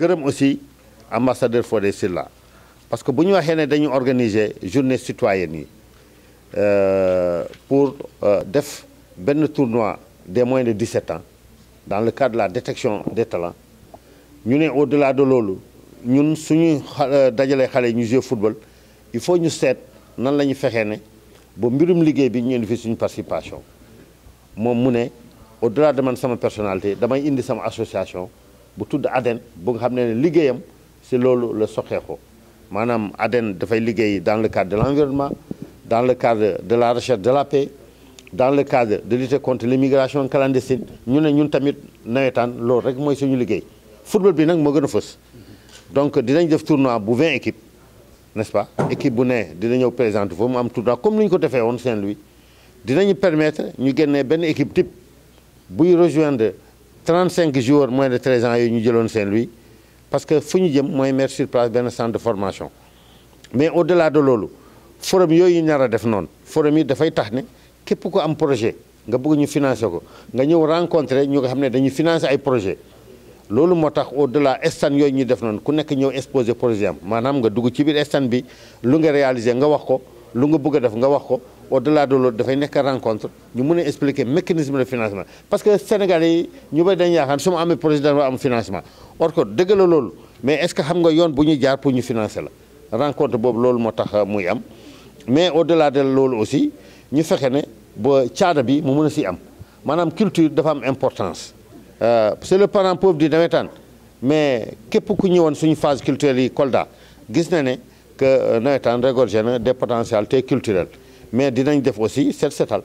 gërëm aussi ambassadeur Fodé Silla parce que bu ñu waxee ne dañu organiser journée citoyenne yi euh, pour euh, def benn tournoi des moins de 17 ans dans le cadre de la détection des talents ñu ne au-delà de loolu ñun suñu dajalee xale yi ñu jouer football il faut ñu seet nan la ñu fexee ne ba mbirum liggéey bi ñu indi fi suñu participation moom mu ne au-delà de man sama personnalité damay indi sama association bu tudd ADEN bu nga xam ne liggéeyam si loolu la soxeekoo maanaam ADEN dafay liggéey dans le cadre de l'environnement dans le cadre de la recherche de la paix dans le cadre de lutter contre l'immigration clandestine ñu ne ñun tamit nawetaan loolu rek mooy suñu liggéey football bi nag moo gën a fës donc dinañ def tournoi bu 20 équipes n'est-ce pas équipe bu nee dina ñëw présenter foofu mu am tournoi comme ni ñu ko defee woon Saint-Louis dinañu permettre ñu génnee benn équipe type buy rejoindre cinq joueurs moins de 13 ans yooyu ñu jëloon Saint-Louis parce que fu ñu jëm mooy mettre sur benn centre de formation mais au-delà de loolu forum yooyu nar a def noonu forum yi dafay tax ne képp ku am projet nga bëgg ñu financer ko nga ñëw rencontrer ñu nga xam ne dañuy financer ay projet loolu moo tax au-delà stand yooyu ñu def noon ku nekk ñëw exposer projet am maanaam nga dugg ci biir stand bi lu nga réaliser nga wax ko lu nga bugg a def nga wax ko au-delà de loolu dafay nekk rencontre ñu mën a expliquer mécanisme de financement parce que Sénégalais yi ñu bay dañ su ma amee projet dafa am financement or que dëgg la loolu mais est-ce que xam nga yoon bu ñuy jaar pour ñu financer la rencontre boobu loolu moo tax muy am mais au-delà de loolu aussi ñu fexe ne ba caada bi mu mën a si am maanaam culture dafa am importance euh, c'est le parent pauvre du nawetaan mais képp ku ñëwoon suñu phase culturelle yi Kolda gis na ne que euh, nawetaan régorge na des potentialités mais dinañ def aussi seet setal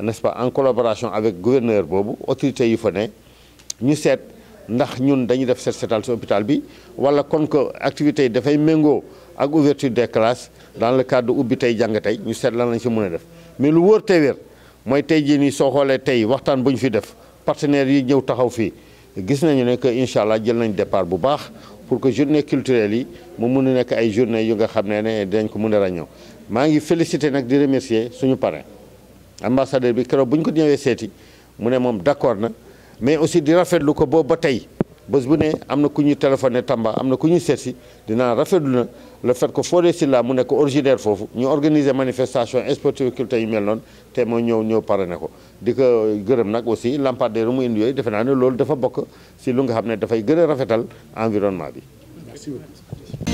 n'est-ce pas en collaboration avec gouverneur boobu autorité yi fa ne ñu seet ndax ñun dañu def seet seetal si hôpital bi wala kon que activité yi dafay méngoo ak ouverture des classes dans le cadre ubbi tey jàng tey ñu seet lan lañ si mun a def mais lu wóor te mooy tey jii nii soo xoolee tey waxtaan bu ñu fi def partenaires yi ñëw taxaw fii gis nañu ne que incha allah jël nañ départ bu baax pour que journée culturelle yi mu mun a nekk ay journée yu nga xam ne ne dañ ko mën a ràññoo maa ngi félicité nag di remercier suñu parrain ambassadeur bi keroog bu ñu ko ñëwee seeti mu ne moom d'accord na mais aussi di rafetlu ko boobu ba tey bés bu ne am na ku ñu téléphoné Tamba am na ku ñu seet si dinaa rafetlu na le fait que Fodé Sylla mu nekk originaire foofu ñu organiser manifestation sportive culture yu mel noonu te moo ñëw ñëw parrainé ko di ko gërëm nag aussi lampadaire mu indi yooyu defe naa ne loolu dafa bokk si lu nga xam ne dafay gën a rafetal environnement bi.